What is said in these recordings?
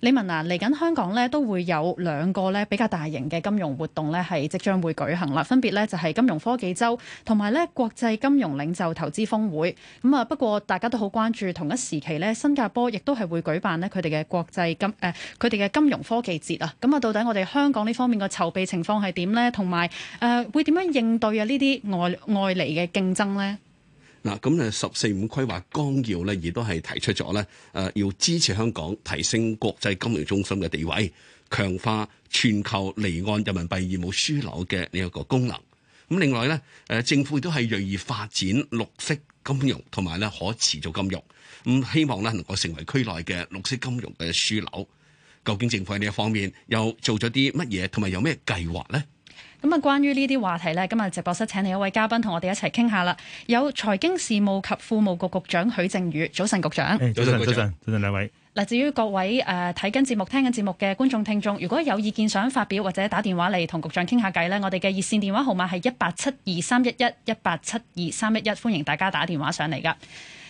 李文啊，嚟緊香港咧都會有兩個咧比較大型嘅金融活動咧，係即將會舉行啦。分別咧就係、是、金融科技周同埋咧國際金融領袖投資峰會。咁、嗯、啊，不過大家都好關注同一時期咧，新加坡亦都係會舉辦咧佢哋嘅國際金誒佢哋嘅金融科技節啊。咁、嗯、啊，到底我哋香港呢方面個籌備情況係點咧？同埋誒會點樣應對啊呢啲外外嚟嘅競爭咧？嗱，咁誒、嗯、十四五規劃綱要咧，亦都係提出咗咧，誒、呃、要支持香港提升國際金融中心嘅地位，強化全球離岸人民幣業務樞紐嘅呢一個功能。咁、嗯、另外咧，誒、呃、政府亦都係銳意發展綠色金融同埋咧可持續金融，咁、嗯、希望咧能夠成為區內嘅綠色金融嘅樞紐。究竟政府喺呢一方面又做咗啲乜嘢，同埋有咩計劃咧？咁啊，關於呢啲話題咧，今日直播室請嚟一位嘉賓，同我哋一齊傾下啦。有財經事務及庫務局局、局長許正宇，早晨，局長。早晨，早晨，早晨，早晨，兩位。嗱，至於各位誒睇緊節目、聽緊節目嘅觀眾聽眾，如果有意見想發表或者打電話嚟同局長傾下偈咧，我哋嘅熱線電話號碼係一八七二三一一一八七二三一一，11，歡迎大家打電話上嚟噶。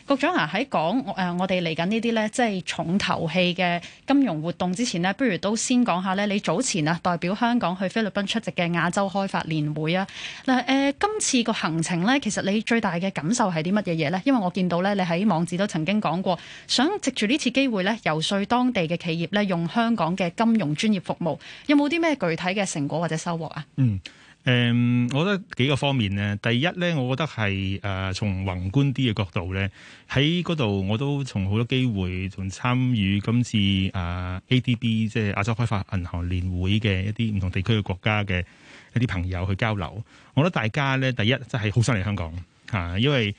局長啊，喺講誒，我哋嚟緊呢啲呢，即係重頭戲嘅金融活動之前呢，不如都先講下呢。你早前啊，代表香港去菲律賓出席嘅亞洲開發年會啊，嗱、呃、誒，今次個行程呢，其實你最大嘅感受係啲乜嘢嘢呢？因為我見到呢，你喺網誌都曾經講過，想藉住呢次機會呢，遊說當地嘅企業呢，用香港嘅金融專業服務，有冇啲咩具體嘅成果或者收穫啊？嗯。誒、嗯，我覺得幾個方面咧，第一咧，我覺得係誒、呃、從宏觀啲嘅角度咧，喺嗰度我都從好多機會同參與今次誒、呃、ADB，即係亞洲開發銀行年會嘅一啲唔同地區嘅國家嘅一啲朋友去交流。我覺得大家咧，第一真係好想嚟香港嚇、啊，因為。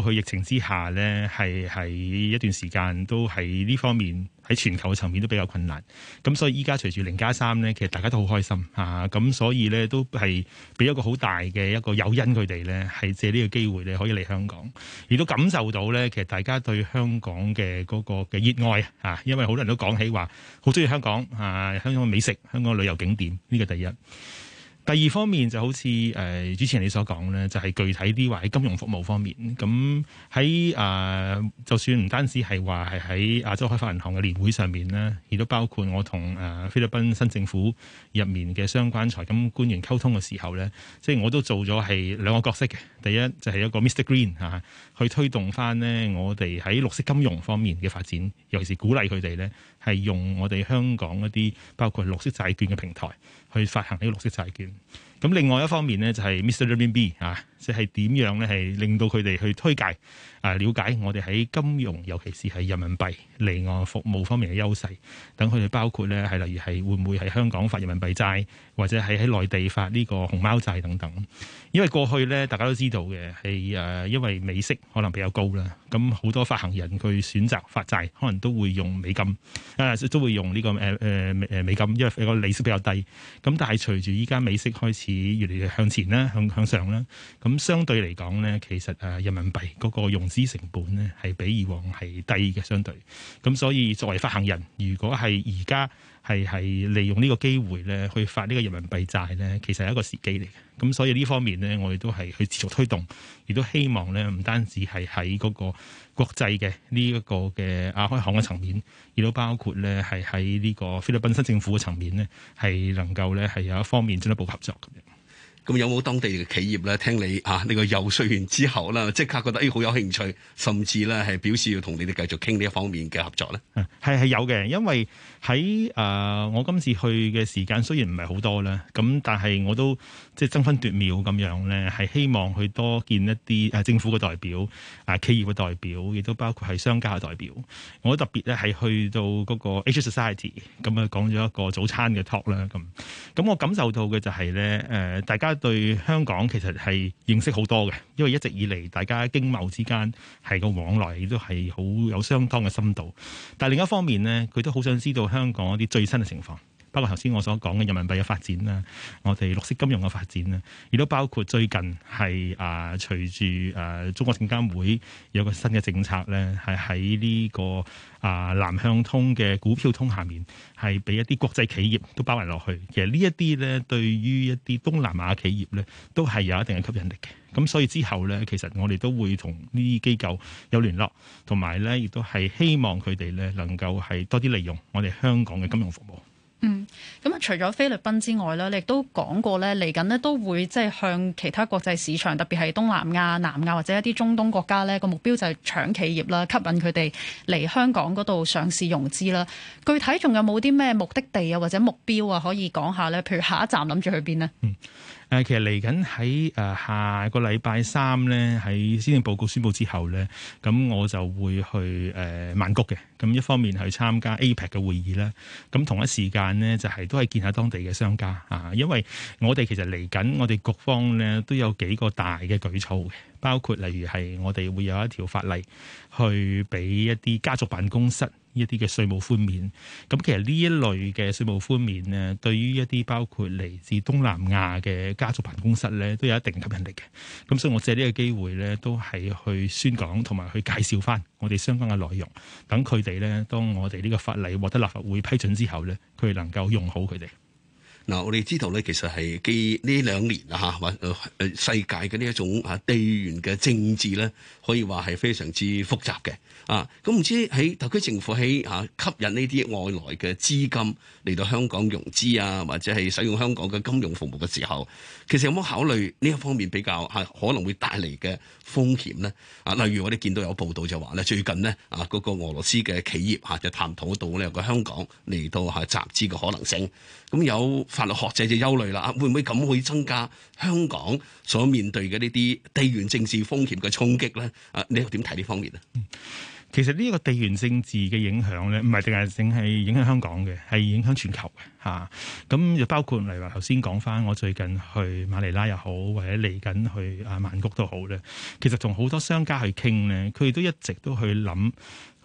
過去疫情之下呢，係喺一段時間都喺呢方面喺全球嘅層面都比較困難。咁所以依家隨住零加三呢，其實大家都好開心啊！咁所以呢，都係俾一個好大嘅一個誘因，佢哋呢係借呢個機會你可以嚟香港，亦都感受到呢，其實大家對香港嘅嗰個嘅熱愛啊！因為好多人都講起話，好中意香港啊，香港嘅美食、香港旅遊景點呢個第一。第二方面就好似誒主持人你所講咧，就係具體啲話喺金融服務方面咁，喺誒，就算唔單止係話係喺亞洲開發銀行嘅年會上面呢，亦都包括我同誒菲律賓新政府入面嘅相關財金官員溝通嘅時候咧，即係我都做咗係兩個角色嘅。第一就係一個 Mr Green 嚇、啊，去推動翻呢我哋喺綠色金融方面嘅發展，尤其是鼓勵佢哋咧，係用我哋香港一啲包括綠色債券嘅平台去發行呢個綠色債券。咁另外一方面咧，就係 Mr. RMB 啊，即係點樣咧，係令到佢哋去推介啊，了解我哋喺金融，尤其是係人民幣離岸服務方面嘅優勢。等佢哋包括咧，係例如係會唔會喺香港發人民幣債或者係喺內地發呢個熊貓債等等。因為過去咧，大家都知道嘅係誒因為美息可能比較高啦，咁好多發行人佢選擇發債可能都會用美金啊，都會用呢個誒誒美美金，因為個利息比較低。咁但係隨住依家美息開始，越嚟越向前啦，向向上啦。咁相對嚟講咧，其實誒人民幣嗰個融資成本咧係比以往係低嘅相對。咁所以作為發行人，如果係而家係係利用呢個機會咧，去發呢個人民幣債咧，其實係一個時機嚟嘅。咁所以呢方面咧，我哋都係去持續推動，亦都希望咧唔單止係喺嗰個國際嘅呢一個嘅亞開行嘅層面，亦都包括咧係喺呢個菲律賓新政府嘅層面咧，係能夠咧係有一方面進一步合作。咁有冇當地嘅企業咧？聽你啊，呢個遊説完之後咧，即刻覺得誒好、哎、有興趣，甚至咧係表示要同你哋繼續傾呢一方面嘅合作咧。係係有嘅，因為喺誒、呃、我今次去嘅時間雖然唔係好多啦，咁但係我都即係爭分奪秒咁樣咧，係希望去多見一啲誒政府嘅代表、啊企業嘅代表，亦都包括係商家嘅代表。我特別咧係去到嗰個 Asia Society，咁啊講咗一個早餐嘅 talk 啦，咁咁我感受到嘅就係咧誒大家。對香港其實係認識好多嘅，因為一直以嚟大家經貿之間係個往來都係好有相當嘅深度。但另一方面呢，佢都好想知道香港一啲最新嘅情況。包括頭先我所講嘅人民幣嘅發展啦，我哋綠色金融嘅發展啦，亦都包括最近係啊，隨住誒中國證監會有個新嘅政策咧，係喺呢個啊南向通嘅股票通下面係俾一啲國際企業都包埋落去。其實呢一啲咧，對於一啲東南亞企業咧，都係有一定嘅吸引力嘅。咁所以之後咧，其實我哋都會同呢啲機構有聯絡，同埋咧亦都係希望佢哋咧能夠係多啲利用我哋香港嘅金融服務。嗯，咁啊，除咗菲律賓之外咧，你亦都講過咧，嚟緊咧都會即係向其他國際市場，特別係東南亞、南亞或者一啲中東國家咧，個目標就係搶企業啦，吸引佢哋嚟香港嗰度上市融資啦。具體仲有冇啲咩目的地啊，或者目標啊，可以講下咧？譬如下一站諗住去邊咧？嗯誒，其實嚟緊喺誒下個禮拜三咧，喺施政報告宣布之後咧，咁我就會去誒、呃、曼谷嘅，咁一方面去參加 APEC 嘅會議啦。咁同一時間呢，就係、是、都係見下當地嘅商家啊，因為我哋其實嚟緊，我哋局方咧都有幾個大嘅舉措嘅。包括例如係我哋會有一條法例，去俾一啲家族辦公室一啲嘅稅務寬免，咁其實呢一類嘅稅務寬免咧，對於一啲包括嚟自東南亞嘅家族辦公室咧，都有一定吸引力嘅。咁所以我借呢個機會咧，都係去宣講同埋去介紹翻我哋相關嘅內容，等佢哋咧，當我哋呢個法例獲得立法會批准之後咧，佢哋能夠用好佢哋。嗱，我哋知道咧，其實係基於呢兩年啊，嚇或世界嘅呢一種啊地緣嘅政治咧，可以話係非常之複雜嘅。啊，咁唔知喺特區政府喺嚇吸引呢啲外來嘅資金嚟到香港融資啊，或者係使用香港嘅金融服務嘅時候，其實有冇考慮呢一方面比較嚇可能會帶嚟嘅風險咧？啊，例如我哋見到有報道就話咧，最近呢啊嗰個俄羅斯嘅企業嚇就探討到呢個香港嚟到嚇集資嘅可能性，咁有。法律學者嘅憂慮啦，會唔會咁會增加香港所面對嘅呢啲地緣政治風險嘅衝擊咧？啊，你又點睇呢方面啊？其實呢個地緣政治嘅影響咧，唔係淨係影響香港嘅，係影響全球嘅嚇。咁就包括例如話頭先講翻，我最近去馬尼拉又好，或者嚟緊去啊曼谷都好咧。其實同好多商家去傾咧，佢哋都一直都去諗，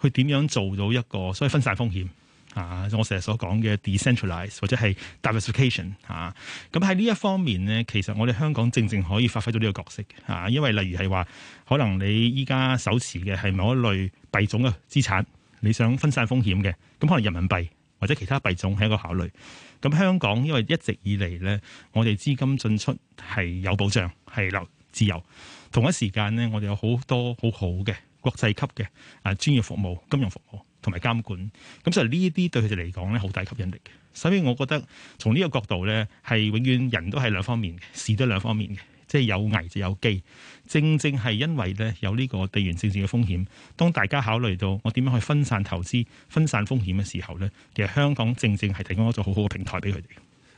佢點樣做到一個所謂分散風險。Ized，啊！我成日所講嘅 decentralize 或者係 diversification 嚇，咁喺呢一方面呢，其實我哋香港正正可以發揮到呢個角色嘅。啊，因為例如係話，可能你依家手持嘅係某一類幣種嘅資產，你想分散風險嘅，咁可能人民幣或者其他幣種係一個考慮。咁香港因為一直以嚟呢，我哋資金進出係有保障，係流自由。同一時間呢，我哋有好多好好嘅國際級嘅啊專業服務、金融服務。同埋監管，咁所以呢一啲對佢哋嚟講咧，好大吸引力。所以，我覺得從呢個角度咧，係永遠人都係兩方面嘅，事都兩方面嘅，即係有危就有機。正正係因為咧有呢個地緣政治嘅風險，當大家考慮到我點樣去分散投資、分散風險嘅時候咧，其實香港正正係提供咗一個好好嘅平台俾佢哋。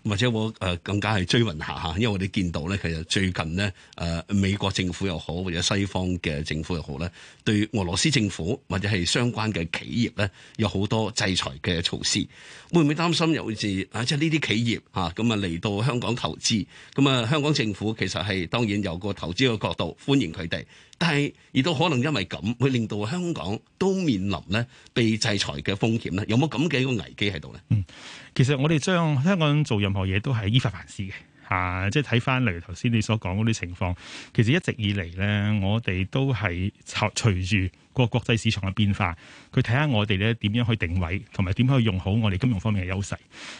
或者我誒更加係追問下嚇，因為我哋見到咧，其實最近咧誒美國政府又好，或者西方嘅政府又好咧，對俄羅斯政府或者係相關嘅企業咧，有好多制裁嘅措施，會唔會擔心有時啊，即係呢啲企業嚇咁啊嚟到香港投資，咁啊香港政府其實係當然由個投資嘅角度歡迎佢哋。但係，亦都可能因為咁，會令到香港都面臨咧被制裁嘅風險咧，有冇咁嘅一個危機喺度咧？嗯，其實我哋將香港做任何嘢都係依法辦事嘅嚇，即係睇翻例如頭先你所講嗰啲情況，其實一直以嚟咧，我哋都係察隨住。個國際市場嘅變化，佢睇下我哋咧點樣去定位，同埋點樣去用好我哋金融方面嘅優勢。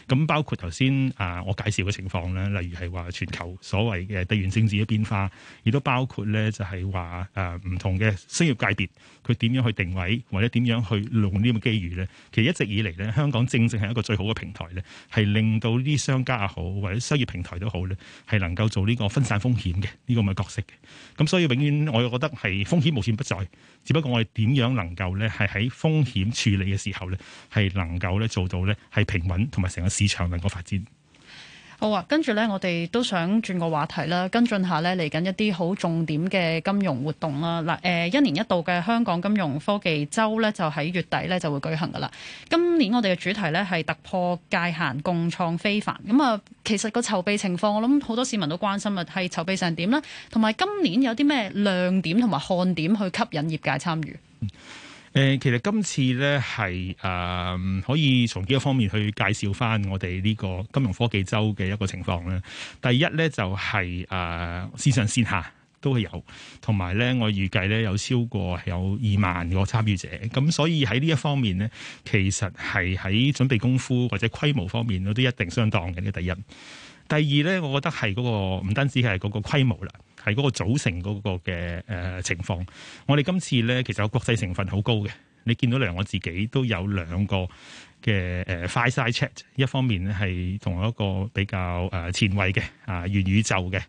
咁包括頭先啊，我介紹嘅情況咧，例如係話全球所謂嘅地緣政治嘅變化，亦都包括咧就係話啊唔同嘅商業界別，佢點樣去定位，或者點樣去弄呢個機遇咧。其實一直以嚟咧，香港正正係一個最好嘅平台咧，係令到啲商家也好，或者商業平台都好咧，係能夠做呢個分散風險嘅呢個咁嘅角色嘅。咁所以永遠我又覺得係風險無處不在，只不過我點樣能夠咧，係喺風險處理嘅時候咧，係能夠咧做到咧，係平穩同埋成個市場能夠發展。好啊，跟住咧，我哋都想轉個話題啦，跟進下咧，嚟緊一啲好重點嘅金融活動啦。嗱，誒，一年一度嘅香港金融科技周咧，就喺月底咧就會舉行㗎喇。今年我哋嘅主題咧係突破界限，共創非凡。咁、嗯、啊，其實個籌備情況，我諗好多市民都關心啊，係籌備成點啦，同埋今年有啲咩亮點同埋看點去吸引業界參與？嗯誒，其實今次咧係誒，可以從幾個方面去介紹翻我哋呢個金融科技周嘅一個情況咧。第一咧就係誒線上線下都係有，同埋咧我預計咧有超過有二萬個參與者，咁所以喺呢一方面咧，其實係喺準備功夫或者規模方面都一定相當嘅。呢第一，第二咧，我覺得係嗰個唔單止係嗰個規模啦。係嗰個組成嗰個嘅誒情況，我哋今次咧其實有國際成分好高嘅，你見到連我自己都有兩個。嘅誒、uh, Fireside Chat，一方面咧係同一個比較誒前衞嘅啊，元宇宙嘅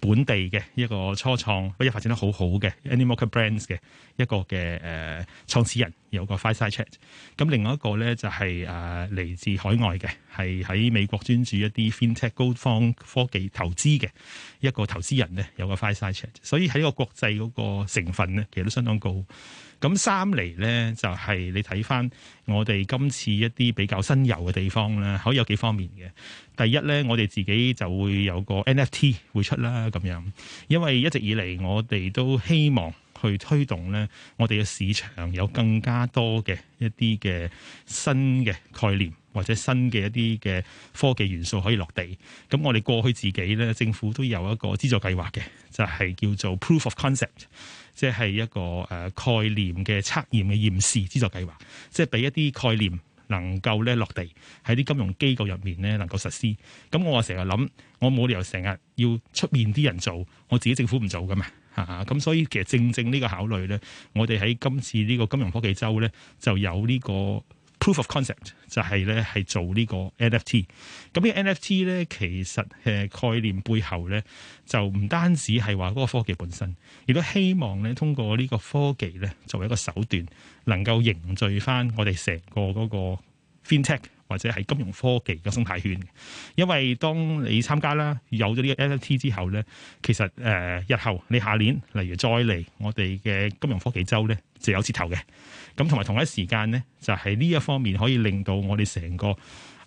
本地嘅一個初創，可以發展得好好嘅，any more brands 嘅一個嘅誒、uh, 創始人，有個 Fireside Chat。咁另外一個咧就係誒嚟自海外嘅，係喺美國專注一啲 fin tech 高方科技投資嘅一個投資人咧，有個 Fireside Chat。所以喺個國際嗰個成分咧，其實都相當高。咁三嚟咧就係你睇翻我哋今次一啲比較新游嘅地方咧，可以有幾方面嘅。第一咧，我哋自己就會有個 NFT 會出啦，咁樣，因為一直以嚟我哋都希望去推動咧，我哋嘅市場有更加多嘅一啲嘅新嘅概念。或者新嘅一啲嘅科技元素可以落地，咁我哋過去自己咧，政府都有一個資助計劃嘅，就係叫做 proof of concept，即係一個誒概念嘅測驗嘅驗試資助計劃，即係俾一啲概念能夠咧落地喺啲金融機構入面咧能夠實施。咁我成日諗我冇理由成日要出面啲人做，我自己政府唔做噶嘛，吓，咁所以其實正正呢個考慮咧，我哋喺今次呢個金融科技周咧就有呢個。Proof of concept 就係咧係做呢個 NFT，咁呢個 NFT 咧其實誒概念背後咧就唔單止係話嗰個科技本身，亦都希望咧通過呢個科技咧作為一個手段，能夠凝聚翻我哋成個嗰個 FinTech 或者係金融科技嘅生態圈。因為當你參加啦有咗呢個 NFT 之後咧，其實誒、呃、日後你下年例如再嚟我哋嘅金融科技周咧就有折頭嘅。咁同埋同一時間咧，就喺、是、呢一方面可以令到我哋成個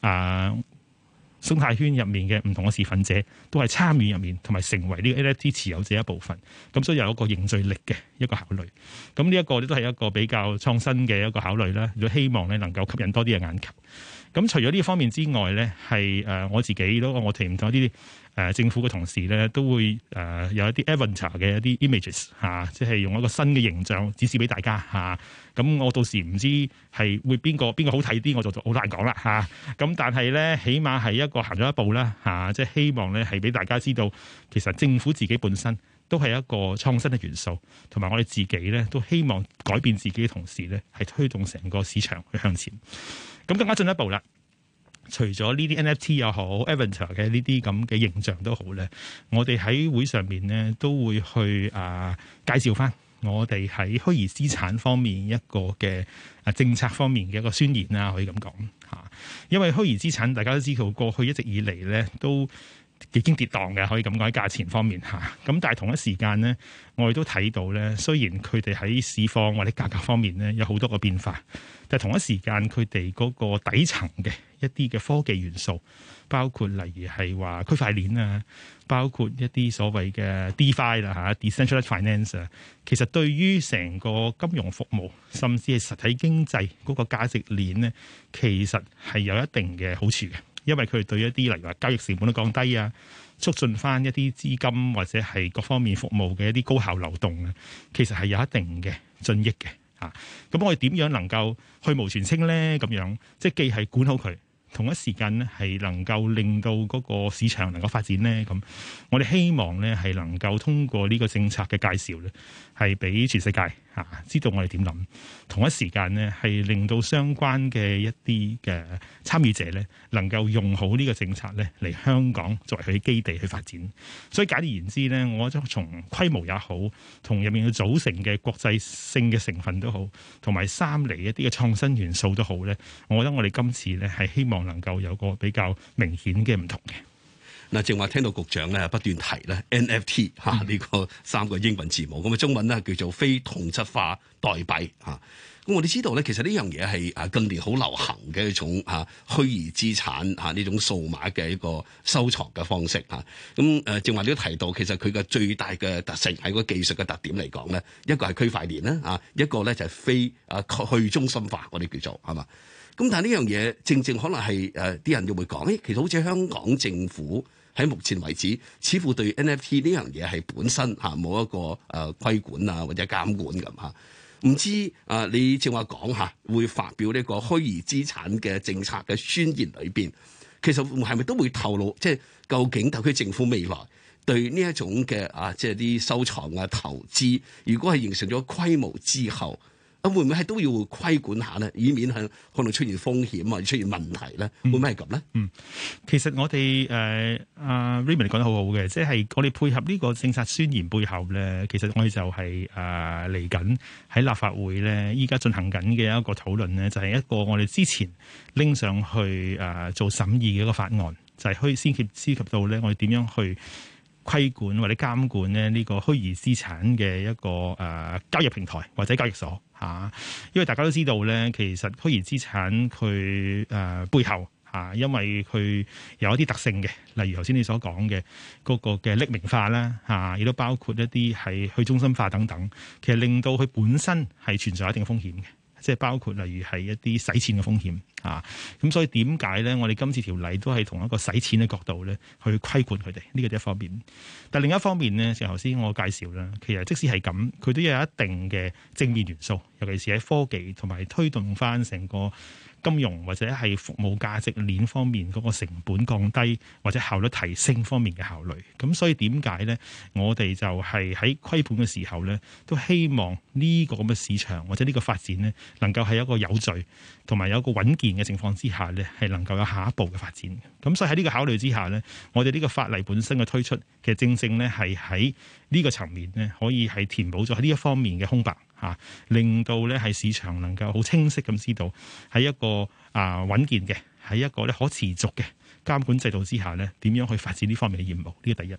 啊、呃、生態圈入面嘅唔同嘅持份者都係參與入面，同埋成為呢個 NFT 持有者一部分。咁所以有一個凝聚力嘅一個考慮。咁呢一個咧都係一個比較創新嘅一個考慮啦。要希望咧能夠吸引多啲嘅眼球。咁除咗呢方面之外咧，係誒、呃、我自己都我提唔到啲。誒、啊、政府嘅同事咧，都會誒、呃、有一啲 avatar 嘅一啲 images 嚇、啊，即係用一個新嘅形象展示俾大家嚇。咁、啊、我到時唔知係會邊個邊個好睇啲，我就就好難講啦嚇。咁、啊、但係咧，起碼係一個行咗一步啦嚇、啊，即係希望咧係俾大家知道，其實政府自己本身都係一個創新嘅元素，同埋我哋自己咧都希望改變自己嘅同時咧，係推動成個市場去向前。咁、啊、更加進一步啦。除咗呢啲 NFT 又好，event 嘅呢啲咁嘅形象都好咧。我哋喺會上面咧都會去啊介紹翻我哋喺虛擬資產方面一個嘅，啊政策方面嘅一個宣言啦，可以咁講吓，因為虛擬資產大家都知道，過去一直以嚟，咧都幾經跌蕩嘅，可以咁講喺價錢方面吓，咁、啊、但係同一時間咧，我哋都睇到咧，雖然佢哋喺市況或者價格方面咧有好多個變化，但係同一時間，佢哋嗰個底層嘅。一啲嘅科技元素，包括例如係話區塊鏈啊，包括一啲所謂嘅 DeFi 啦嚇，Decentralised Finance 啊，其實對於成個金融服務，甚至係實體經濟嗰個價值鏈咧，其實係有一定嘅好處嘅，因為佢對一啲例如話交易成本都降低啊，促進翻一啲資金或者係各方面服務嘅一啲高效流動啊，其實係有一定嘅進益嘅嚇。咁、啊、我哋點樣能夠去蕪存菁咧？咁樣即係既係管好佢。同一時間咧，係能夠令到嗰個市場能夠發展咧，咁我哋希望咧係能夠通過呢個政策嘅介紹咧，係俾全世界。啊！知道我哋點諗，同一時間呢，係令到相關嘅一啲嘅參與者呢，能夠用好呢個政策呢，嚟香港作為佢基地去發展。所以簡而言之呢，我覺得從規模也好，同入面嘅組成嘅國際性嘅成分都好，同埋三嚟一啲嘅創新元素都好呢，我覺得我哋今次呢，係希望能夠有個比較明顯嘅唔同嘅。嗱，正話聽到局長咧不斷提咧 NFT 嚇呢個三個英文字母，咁啊中文咧叫做非同質化代幣嚇。咁、啊、我哋知道咧，其實呢樣嘢係啊近年好流行嘅一種嚇、啊、虛擬資產嚇呢、啊、種數碼嘅一個收藏嘅方式嚇。咁誒正話你都提到，其實佢嘅最大嘅特性係個技術嘅特點嚟講咧，一個係區塊鏈啦嚇、啊，一個咧就係非啊去中心化，我哋叫做係嘛。咁但係呢樣嘢正正可能係誒啲人，人又會講，誒其實好似香港政府。喺目前為止，似乎對 NFT 呢樣嘢係本身嚇，冇一個誒規管啊，或者監管咁嚇。唔知啊，你正話講嚇，會發表呢個虛擬資產嘅政策嘅宣言裏邊，其實係咪都會透露，即係究竟特區政府未來對呢一種嘅啊，即係啲收藏啊投資，如果係形成咗規模之後？會唔會係都要規管下咧？以免係可能出現風險啊，出現問題咧？會唔會係咁咧？嗯，其實我哋誒誒，Raymond 講得好好嘅，即係我哋配合呢個政策宣言背後咧，其實我哋就係誒嚟緊喺立法會咧，依家進行緊嘅一個討論咧，就係、是、一個我哋之前拎上去誒、呃、做審議嘅一個法案，就係先至涉及涉及到咧，我哋點樣去規管或者監管咧呢個虛擬資產嘅一個誒、呃、交易平台或者交易所。吓，因為大家都知道咧，其實虛擬資產佢誒、呃、背後吓，因為佢有一啲特性嘅，例如頭先你所講嘅個嘅匿名化啦，吓、啊，亦都包括一啲係去中心化等等，其實令到佢本身係存在一定風險嘅。即係包括例如係一啲洗錢嘅風險啊，咁所以點解咧？我哋今次條例都係同一個洗錢嘅角度咧，去規管佢哋，呢個就一方面。但係另一方面咧，就頭先我介紹啦，其實即使係咁，佢都有一定嘅正面元素，尤其是喺科技同埋推動翻成個金融或者係服務價值鏈方面嗰個成本降低或者效率提升方面嘅考慮，咁所以點解咧？我哋就係喺虧本嘅時候咧，都希望呢個咁嘅市場或者呢個發展咧，能夠係一個有序同埋有一個穩健嘅情況之下咧，係能夠有下一步嘅發展。咁所以喺呢個考慮之下咧，我哋呢個法例本身嘅推出，其實正正咧係喺呢個層面咧，可以係填補咗喺呢一方面嘅空白。嚇，令到咧係市場能夠好清晰咁知道喺一個啊穩健嘅，喺一個咧可持續嘅監管制度之下咧，點樣去發展呢方面嘅業務？呢個第一。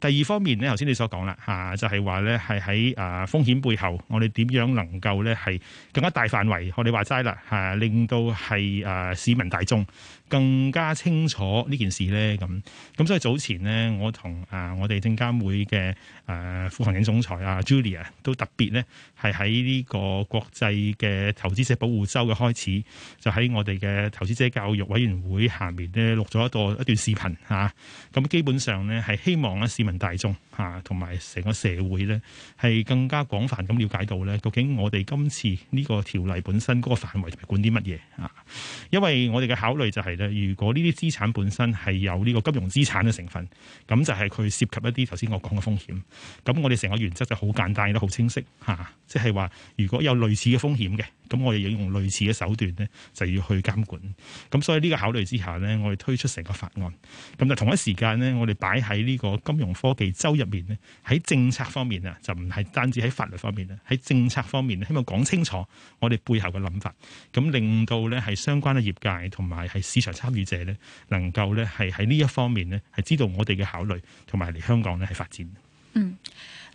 第二方面咧，頭先你所講啦，嚇就係話咧係喺啊風險背後，我哋點樣能夠咧係更加大範圍？我哋話齋啦嚇，令到係啊市民大眾更加清楚呢件事咧，咁咁所以早前咧，我同啊我哋證監會嘅誒、啊、副行政總裁啊 Julia 都特別咧，係喺呢個國際嘅投資者保護周嘅開始，就喺我哋嘅投資者教育委員會下面咧錄咗一個一段視頻吓，咁、啊、基本上咧係希望咧市民大眾吓同埋成個社會咧係更加廣泛咁了解到咧究竟我哋今次呢個條例本身嗰個範圍同埋管啲乜嘢啊？因為我哋嘅考慮就係、是。如果呢啲資產本身係有呢個金融資產嘅成分，咁就係佢涉及一啲頭先我講嘅風險。咁我哋成個原則就好簡單，亦都好清晰吓，啊，即係話如果有類似嘅風險嘅。咁我哋要用類似嘅手段咧，就要去監管。咁所以呢個考慮之下呢，我哋推出成個法案。咁就同一時間呢，我哋擺喺呢個金融科技周入面呢，喺政策方面啊，就唔係單止喺法律方面啊，喺政策方面呢，希望講清楚我哋背後嘅諗法，咁令到呢係相關嘅業界同埋係市場參與者呢，能夠呢係喺呢一方面呢，係知道我哋嘅考慮同埋嚟香港呢係發展。嗯。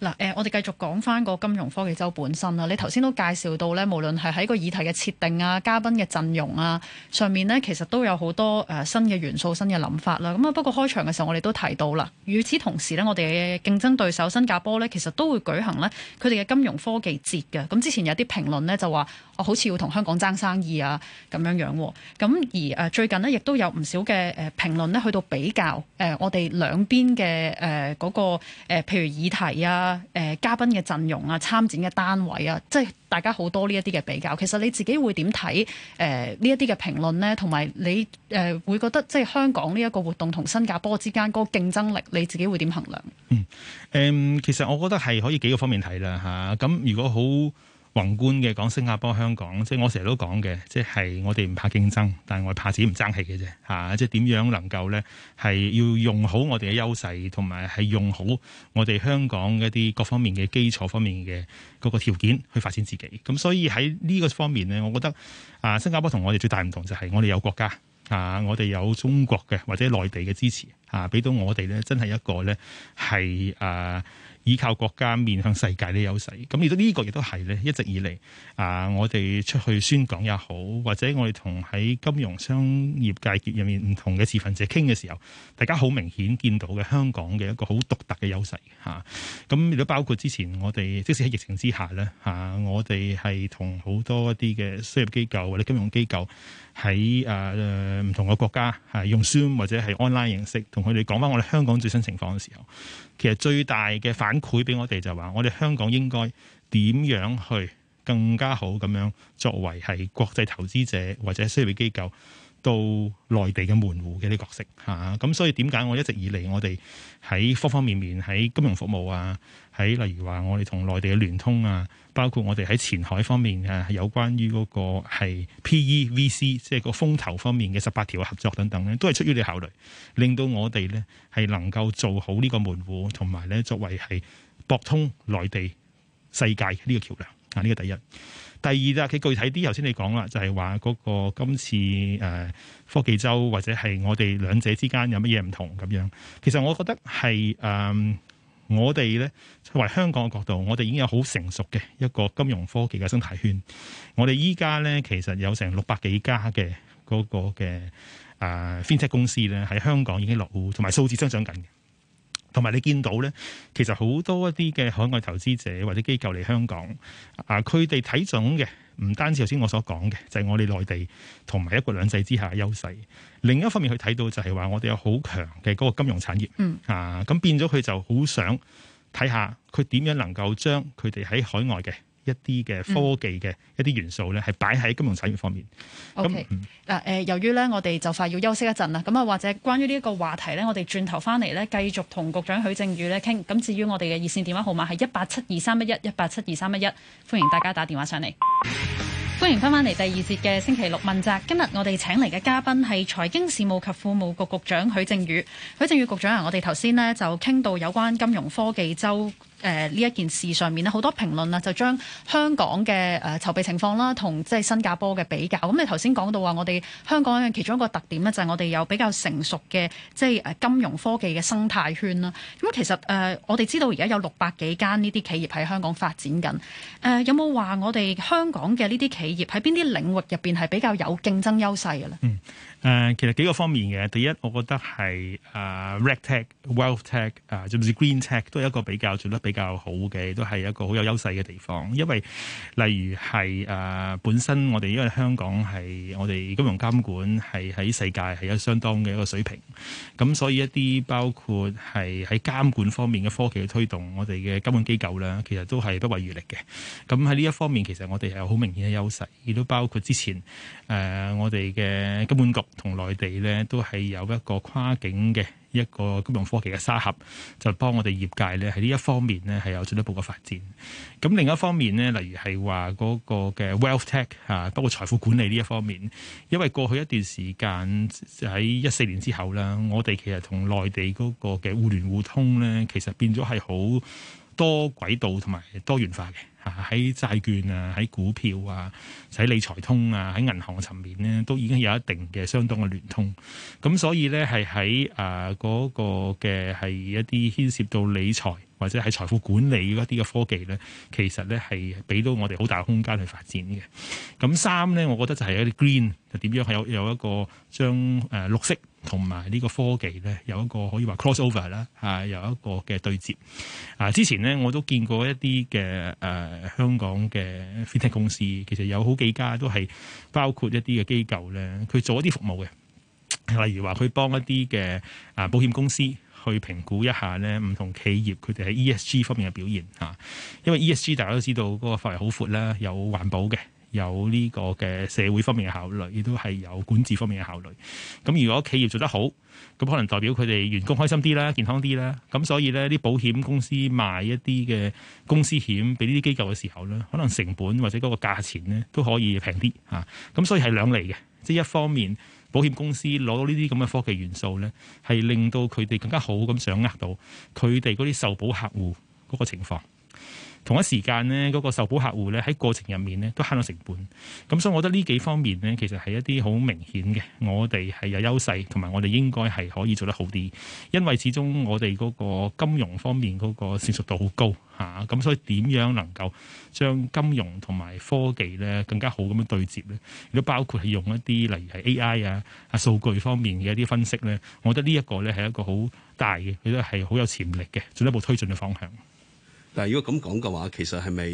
嗱，誒，我哋繼續講返個金融科技周本身啦。你頭先都介紹到咧，無論係喺個議題嘅設定啊、嘉賓嘅陣容啊上面咧，其實都有好多誒新嘅元素、新嘅諗法啦。咁啊，不過開場嘅時候我哋都提到啦，與此同時咧，我哋嘅競爭對手新加坡咧，其實都會舉行咧佢哋嘅金融科技節嘅。咁之前有啲評論咧就話，我、哦、好似要同香港爭生意啊咁樣樣，咁而誒最近呢，亦都有唔少嘅誒評論咧，去到比較誒、呃、我哋兩邊嘅誒嗰個譬如議題啊、誒、呃、嘉賓嘅陣容啊、參展嘅單位啊，即係大家好多呢一啲嘅比較。其實你自己會點睇誒呢一啲嘅評論呢？同埋你誒、呃、會覺得即係香港呢一個活動同新加坡之間嗰個競爭力，你自己會點衡量？嗯，誒、嗯，其實我覺得係可以幾個方面睇啦吓，咁、啊、如果好。宏觀嘅講新加坡、香港，即係我成日都講嘅，即係我哋唔怕競爭，但係我怕自己唔爭氣嘅啫嚇。即係點樣能夠呢？係要用好我哋嘅優勢，同埋係用好我哋香港一啲各方面嘅基礎方面嘅嗰個條件去發展自己。咁所以喺呢個方面呢，我覺得啊，新加坡同我哋最大唔同就係我哋有國家嚇，啊，我哋有中國嘅或者內地嘅支持嚇，啊，俾到我哋呢，真係一個呢係啊。依靠國家面向世界嘅優勢，咁亦都呢個亦都係咧，一直以嚟啊，我哋出去宣講也好，或者我哋同喺金融商業界別入面唔同嘅持份者傾嘅時候，大家好明顯見到嘅香港嘅一個好獨特嘅優勢嚇。咁亦都包括之前我哋即使喺疫情之下咧嚇、啊，我哋係同好多一啲嘅商業機構或者金融機構喺啊唔、呃、同嘅國家係、啊、用 Zoom 或者係 online 形式同佢哋講返我哋香港最新情況嘅時候。其實最大嘅反饋俾我哋就話，我哋香港應該點樣去更加好咁樣作為係國際投資者或者係需要機構到內地嘅門戶嘅啲角色嚇，咁、啊、所以點解我一直以嚟我哋喺方方面面喺金融服務啊？喺例如話，我哋同內地嘅聯通啊，包括我哋喺前海方面誒、啊，有關於嗰個係 PEVC，即係個風投方面嘅十八條嘅合作等等咧，都係出於你考慮，令到我哋咧係能夠做好呢個門戶，同埋咧作為係博通內地世界呢個橋梁啊，呢、這個第一。第二就佢具體啲，頭先你講啦，就係話嗰個今次誒、呃、科技周或者係我哋兩者之間有乜嘢唔同咁樣。其實我覺得係誒。呃我哋咧，作為香港嘅角度，我哋已經有好成熟嘅一個金融科技嘅生態圈。我哋依家咧，其實有成六百幾家嘅嗰個嘅啊 fintech 公司咧，喺香港已經落戶，同埋數字增長緊。同埋你見到咧，其實好多一啲嘅海外投資者或者機構嚟香港，啊，佢哋睇中嘅唔單止頭先我所講嘅，就係我哋內地同埋一國兩制之下嘅優勢。另一方面，佢睇到就係話，我哋有好強嘅嗰個金融產業，嗯，啊，咁變咗佢就好想睇下佢點樣能夠將佢哋喺海外嘅。一啲嘅科技嘅一啲元素咧，係擺喺金融產業方面。咁嗱 Okay.、嗯，誒，由於呢，我哋就快要休息一陣啦，咁啊，或者關於呢一個話題咧，我哋轉頭翻嚟呢，繼續同局長許正宇呢傾。咁至於我哋嘅熱線電話號碼，係一八七二三一一，一八七二三一一，歡迎大家打電話上嚟。 歡迎翻返嚟第二節嘅星期六問責。今日我哋請嚟嘅嘉賓，係財經事務及庫務局局、局長許正宇。許正宇局長啊，我哋頭先呢，就傾到有關金融科技周。誒呢一件事上面咧，好多評論啦，就將香港嘅誒籌備情況啦，同即係新加坡嘅比較。咁你頭先講到話，我哋香港嘅其中一個特點咧，就係我哋有比較成熟嘅即係誒金融科技嘅生態圈啦。咁其實誒，我哋知道而家有六百幾間呢啲企業喺香港發展緊。誒，有冇話我哋香港嘅呢啲企業喺邊啲領域入邊係比較有競爭優勢嘅咧？嗯、呃，其實幾個方面嘅。第一，我覺得係誒 retech、wealth、呃、tech 啊 We、呃，甚至 green tech 都有一個比較，比較好嘅，都係一個好有優勢嘅地方。因為例如係誒、呃、本身我哋因為香港係我哋金融監管係喺世界係有相當嘅一個水平，咁所以一啲包括係喺監管方面嘅科技嘅推動，我哋嘅監管機構呢，其實都係不遺餘力嘅。咁喺呢一方面，其實我哋係有好明顯嘅優勢，亦都包括之前誒、呃、我哋嘅金管局同內地呢，都係有一個跨境嘅。一個金融科技嘅沙盒，就幫我哋業界咧，喺呢一方面咧係有進一步嘅發展。咁另一方面咧，例如係話嗰個嘅 wealth tech 嚇，包括財富管理呢一方面，因為過去一段時間喺一四年之後啦，我哋其實同內地嗰個嘅互聯互通咧，其實變咗係好多軌道同埋多元化嘅。喺、啊、債券啊，喺股票啊，喺理財通啊，喺銀行嘅層面呢，都已經有一定嘅相當嘅聯通，咁所以咧係喺誒嗰個嘅係一啲牽涉到理財，或者係財富管理嗰一啲嘅科技咧，其實咧係俾到我哋好大嘅空間去發展嘅。咁三咧，我覺得就係一啲 green，就點樣有有一個將誒綠色同埋呢個科技咧有一個可以話 cross over 啦、啊，嚇有一個嘅對接。啊，之前咧我都見過一啲嘅誒香港嘅 fintech 公司，其實有好幾家都係包括一啲嘅機構咧，佢做一啲服務嘅，例如話佢幫一啲嘅啊保險公司。去評估一下咧，唔同企業佢哋喺 ESG 方面嘅表現嚇，因為 ESG 大家都知道嗰個範圍好闊啦，有環保嘅，有呢個嘅社會方面嘅考慮，亦都係有管治方面嘅考慮。咁如果企業做得好，咁可能代表佢哋員工開心啲啦，健康啲啦。咁所以呢啲保險公司賣一啲嘅公司險俾呢啲機構嘅時候呢，可能成本或者嗰個價錢咧都可以平啲嚇。咁所以係兩利嘅，即係一方面。保險公司攞到呢啲咁嘅科技元素咧，係令到佢哋更加好咁掌握到佢哋嗰啲受保客戶嗰個情況。同一時間呢，嗰個受保客戶呢，喺過程入面呢，都慳咗成本，咁所以我覺得呢幾方面呢，其實係一啲好明顯嘅，我哋係有優勢，同埋我哋應該係可以做得好啲，因為始終我哋嗰個金融方面嗰個成熟度好高吓，咁所以點樣能夠將金融同埋科技呢更加好咁樣對接呢？亦都包括係用一啲例如係 AI 啊、數據方面嘅一啲分析呢。我覺得呢一個呢，係一個好大嘅，佢都係好有潛力嘅，進一步推進嘅方向。但係如果咁講嘅話，其實係咪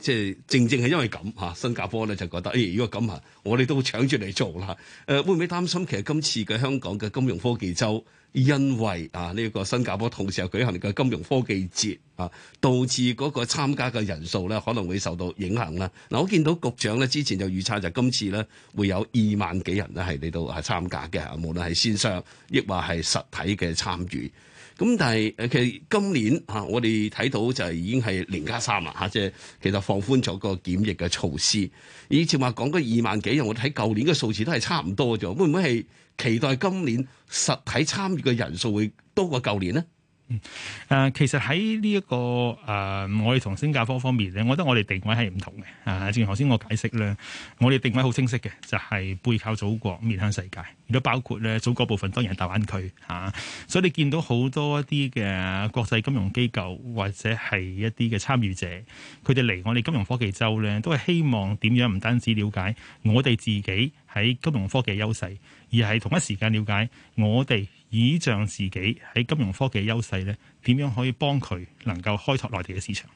即係正正係因為咁嚇新加坡咧就覺得，誒、哎、如果咁啊，我哋都搶住嚟做啦。誒、呃、會唔會擔心其實今次嘅香港嘅金融科技周，因為啊呢、呢個新加坡同時有舉行嘅金融科技節啊，導致嗰個參加嘅人數咧可能會受到影響啦。嗱、啊、我見到局長咧之前就預測就今次咧會有二萬幾人咧係呢度係參加嘅，無論係線上亦或係實體嘅參與。咁但係誒，其實今年吓，我哋睇到就係已經係零加三啊吓，即係其實放寬咗個檢疫嘅措施。以前話講嘅二萬幾人，我哋睇舊年嘅數字都係差唔多啫，會唔會係期待今年實體參與嘅人數會多過舊年咧？誒，其實喺呢一個誒、呃，我哋同新加坡方面咧，我覺得我哋定位係唔同嘅啊。正如頭先我解釋咧，我哋定位好清晰嘅，就係、是、背靠祖國，面向世界，亦都包括咧祖國部分當然係大灣區吓、啊。所以你見到好多一啲嘅國際金融機構或者係一啲嘅參與者，佢哋嚟我哋金融科技週咧，都係希望點樣唔單止了解我哋自己喺金融科技嘅優勢。而係同一時間，了解我哋倚仗自己喺金融科技嘅優勢咧，點樣可以幫佢能夠開拓內地嘅市場。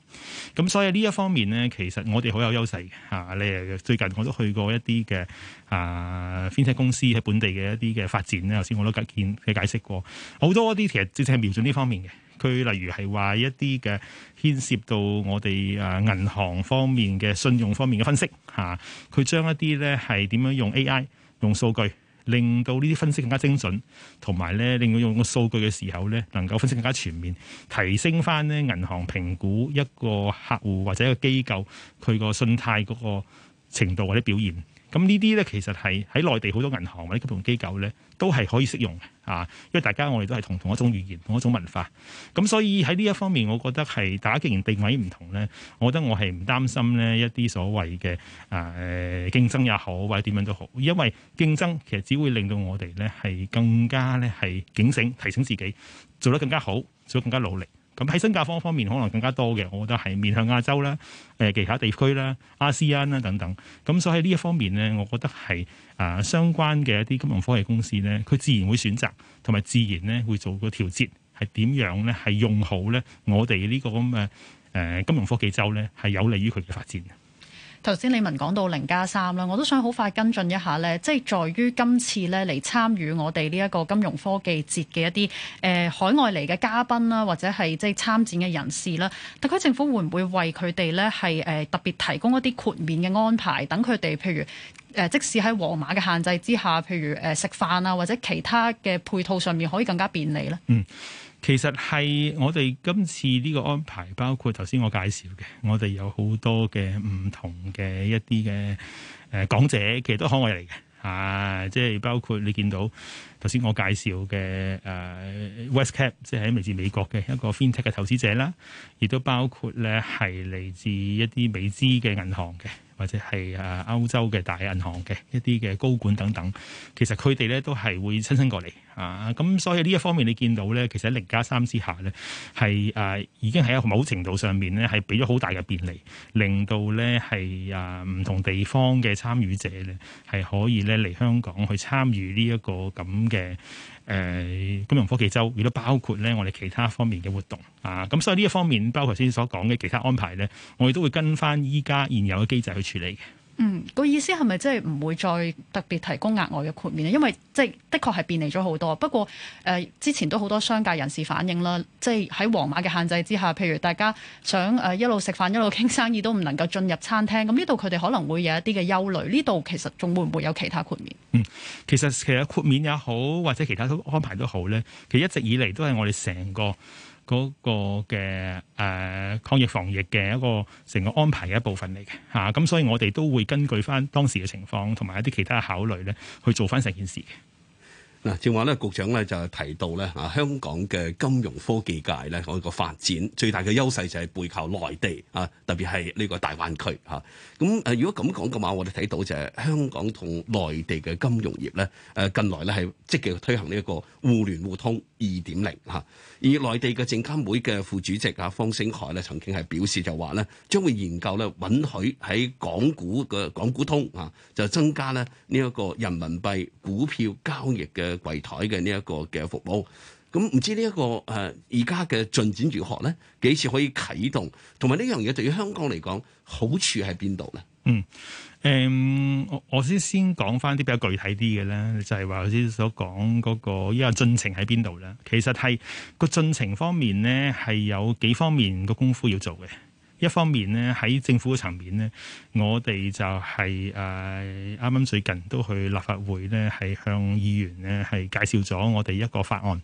咁所以呢一方面咧，其實我哋好有優勢嘅、啊、你最近我都去過一啲嘅啊 Fintech 公司喺本地嘅一啲嘅發展咧。頭先我都解見解釋過好多一啲，其實直情係瞄準呢方面嘅。佢例如係話一啲嘅牽涉到我哋啊銀行方面嘅信用方面嘅分析吓。佢、啊、將一啲咧係點樣用 A.I. 用數據。令到呢啲分析更加精準，同埋咧令到用個數據嘅時候咧，能夠分析更加全面，提升翻咧銀行評估一個客戶或者一個機構佢個信貸嗰個程度或者表現。咁呢啲咧，其實係喺內地好多銀行或者金融機構咧，都係可以適用嘅啊。因為大家我哋都係同同一種語言、同一種文化，咁所以喺呢一方面，我覺得係大家既然定位唔同咧，我覺得我係唔擔心呢一啲所謂嘅誒、呃、競爭也好，或者點樣都好，因為競爭其實只會令到我哋咧係更加咧係警醒、提醒自己做得更加好，做得更加努力。咁喺新加坡方面可能更加多嘅，我覺得係面向亞洲啦、誒、呃、其他地區啦、亞細安啦等等。咁所以喺呢一方面咧，我覺得係啊、呃、相關嘅一啲金融科技公司咧，佢自然會選擇同埋自然咧會做個調節，係點樣咧係用好咧我哋呢個咁嘅誒金融科技周咧，係有利於佢嘅發展。頭先李文講到零加三啦，3，我都想好快跟進一下咧，即係在於今次咧嚟參與我哋呢一個金融科技節嘅一啲誒、呃、海外嚟嘅嘉賓啦，或者係即係參展嘅人士啦，特區政府會唔會為佢哋咧係誒特別提供一啲豁免嘅安排，等佢哋譬如誒、呃、即使喺黃碼嘅限制之下，譬如誒、呃、食飯啊或者其他嘅配套上面可以更加便利咧？嗯。其實係我哋今次呢個安排，包括頭先我介紹嘅，我哋有好多嘅唔同嘅一啲嘅誒講者，其實都海外嚟嘅嚇，即係包括你見到頭先我介紹嘅誒、呃、WestCap，即係嚟自美國嘅一個 FinTech 嘅投資者啦，亦都包括咧係嚟自一啲美資嘅銀行嘅。或者係誒歐洲嘅大銀行嘅一啲嘅高管等等，其實佢哋咧都係會親身過嚟啊！咁所以呢一方面你見到咧，其實喺零加三之下咧，係誒、啊、已經喺某程度上面咧，係俾咗好大嘅便利，令到咧係誒唔同地方嘅參與者咧，係可以咧嚟香港去參與呢一個咁嘅誒金融科技周，如果包括咧我哋其他方面嘅活動，啊，咁所以呢一方面，包括頭先所講嘅其他安排咧，我哋都會跟翻依家現有嘅機制去處理嘅。嗯，個意思係咪即係唔會再特別提供額外嘅豁免啊？因為即係、就是、的確係便利咗好多。不過誒、呃，之前都好多商界人士反映啦，即係喺黃碼嘅限制之下，譬如大家想誒、呃、一路食飯一路傾生意都唔能夠進入餐廳。咁呢度佢哋可能會有一啲嘅憂慮。呢度其實仲會唔會有其他豁免？嗯，其實其實豁免也好，或者其他安排都好咧，其實一直以嚟都係我哋成個嗰個嘅誒、呃、抗疫防疫嘅一個成個安排嘅一部分嚟嘅嚇，咁、啊、所以我哋都會根據翻當時嘅情況同埋一啲其他考慮咧，去做翻成件事嘅。嗱，正話咧，局長咧就提到咧嚇，香港嘅金融科技界咧，嗰個發展最大嘅優勢就係背靠內地啊，特別係呢個大灣區嚇。咁、啊、誒，如果咁講嘅話，我哋睇到就係香港同內地嘅金融業咧，誒、啊、近來咧係積極推行呢一個互聯互通二點零嚇。而內地嘅證監會嘅副主席啊，方星海咧曾經係表示就話咧，將會研究咧允許喺港股嘅港股通啊，就增加咧呢一個人民幣股票交易嘅櫃台嘅呢一個嘅服務。咁唔知呢一個誒而家嘅進展如何咧？幾時可以啟動？同埋呢樣嘢對於香港嚟講，好處喺邊度咧？嗯。誒、嗯，我我先先講翻啲比較具體啲嘅咧，就係話頭先所講嗰、嗰個依家進程喺邊度咧？其實係個進程方面呢，係有幾方面個功夫要做嘅。一方面呢，喺政府嘅層面呢，我哋就係誒啱啱最近都去立法會呢，係向議員呢係介紹咗我哋一個法案，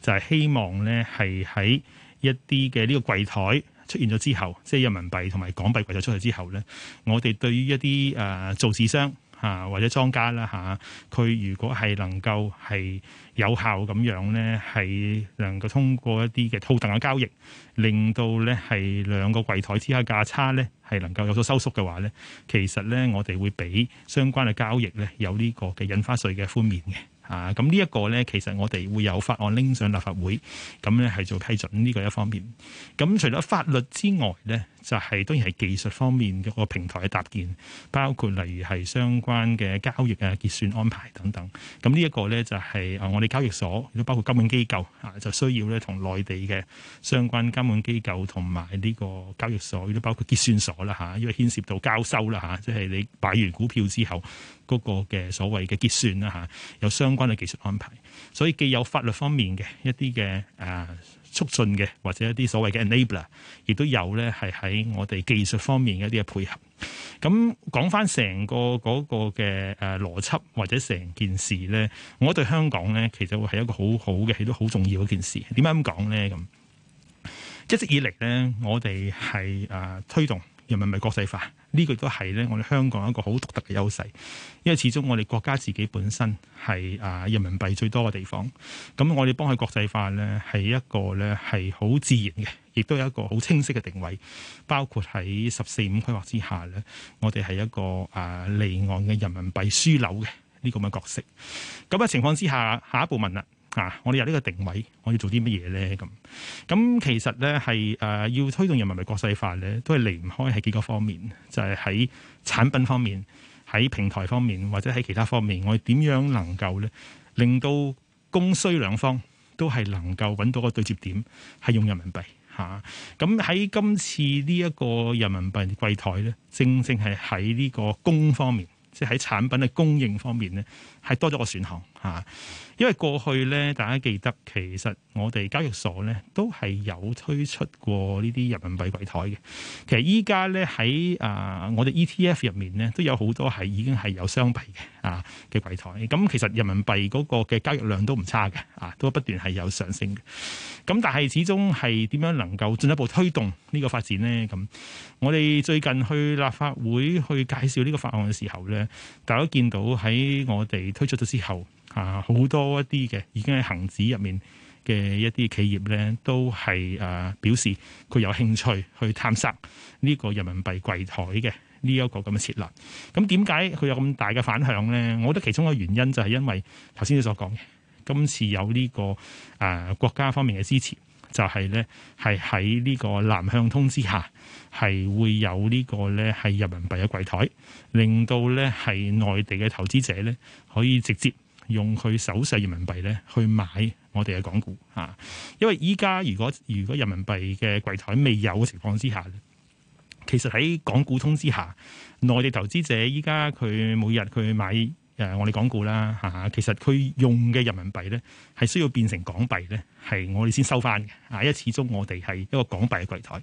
就係、係、希望呢係喺一啲嘅呢個櫃台。出現咗之後，即係人民幣同埋港幣攜咗出去之後咧，我哋對於一啲誒、呃、做市商嚇、啊、或者莊家啦嚇，佢、啊、如果係能夠係有效咁樣咧，係能夠通過一啲嘅套戥嘅交易，令到咧係兩個櫃台之間價差咧係能夠有所收縮嘅話咧，其實咧我哋會俾相關嘅交易咧有呢個嘅印花稅嘅寬免嘅。啊！咁、這個、呢一個咧，其實我哋會有法案拎上立法會，咁咧係做批准呢個一方面。咁、啊、除咗法律之外咧。就係當然係技術方面嘅個平台嘅搭建，包括例如係相關嘅交易啊、結算安排等等。咁呢一個呢，就係啊，我哋交易所亦都包括金管機構啊，就需要咧同內地嘅相關監管機構同埋呢個交易所，亦都包括結算所啦嚇，因為牽涉到交收啦嚇，即係你買完股票之後嗰個嘅所謂嘅結算啦嚇，有相關嘅技術安排。所以既有法律方面嘅一啲嘅啊。呃促進嘅或者一啲所謂嘅 enabler，亦都有咧，係喺我哋技術方面一啲嘅配合。咁講返成個嗰個嘅誒邏輯或者成件事咧，我對香港咧其實會係一個好好嘅，亦都好重要一件事。點解咁講咧？咁一直以嚟咧，我哋係誒推動。人民幣國際化呢個亦都係呢，我哋香港一個好獨特嘅優勢，因為始終我哋國家自己本身係啊人民幣最多嘅地方，咁我哋幫佢國際化呢，係一個呢，係好自然嘅，亦都有一個好清晰嘅定位，包括喺十四五規劃之下呢，我哋係一個啊離岸嘅人民幣樞紐嘅呢個咁嘅角色。咁嘅情況之下，下一步問啦。啊！我哋有呢個定位，我要做啲乜嘢咧？咁咁其實咧係誒要推動人民幣國際化咧，都係離唔開喺幾個方面，就係、是、喺產品方面、喺平台方面或者喺其他方面，我哋點樣能夠咧令到供需兩方都係能夠揾到個對接點，係用人民幣嚇。咁、啊、喺今次呢一個人民幣櫃台咧，正正係喺呢個供方面，即係喺產品嘅供應方面咧，係多咗個選項。啊，因為過去咧，大家記得其實我哋交易所咧都係有推出過呢啲人民幣櫃台嘅。其實依家咧喺啊，我哋 ETF 入面咧都有好多係已經係有雙幣嘅啊嘅櫃台。咁、嗯、其實人民幣嗰個嘅交易量都唔差嘅，啊，都不斷係有上升嘅。咁、嗯、但係始終係點樣能夠進一步推動呢個發展呢？咁、嗯、我哋最近去立法會去介紹呢個法案嘅時候咧，大家見到喺我哋推出咗之後。啊！好多一啲嘅已經喺恒指入面嘅一啲企業咧，都係誒、啊、表示佢有興趣去探索呢個人民幣櫃台嘅呢一個咁嘅設立。咁點解佢有咁大嘅反響咧？我覺得其中一個原因就係因為頭先你所講嘅今次有呢、這個誒、啊、國家方面嘅支持，就係咧係喺呢個南向通之下係會有個呢個咧係人民幣嘅櫃台，令到咧係內地嘅投資者咧可以直接。用佢手勢人民幣咧去買我哋嘅港股吓，因為依家如果如果人民幣嘅櫃台未有嘅情況之下，其實喺港股通之下，內地投資者依家佢每日佢買。誒，我哋講故啦嚇，其實佢用嘅人民幣呢係需要變成港幣呢，係我哋先收翻嘅啊！因為始終我哋係一個港幣嘅櫃台。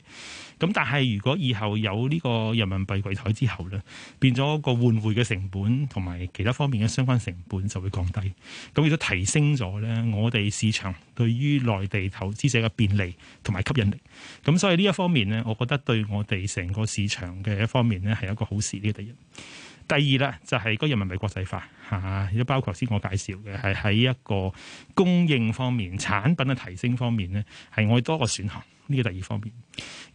咁但係如果以後有呢個人民幣櫃台之後呢，變咗個換匯嘅成本同埋其他方面嘅相關成本就會降低。咁亦都提升咗呢我哋市場對於內地投資者嘅便利同埋吸引力。咁所以呢一方面呢，我覺得對我哋成個市場嘅一方面呢，係一個好事呢樣嘢。第二咧就係、是、個人民幣國際化嚇，亦都包括頭先我介紹嘅，係喺一個供應方面、產品嘅提升方面咧，係我多個選項呢個第二方面。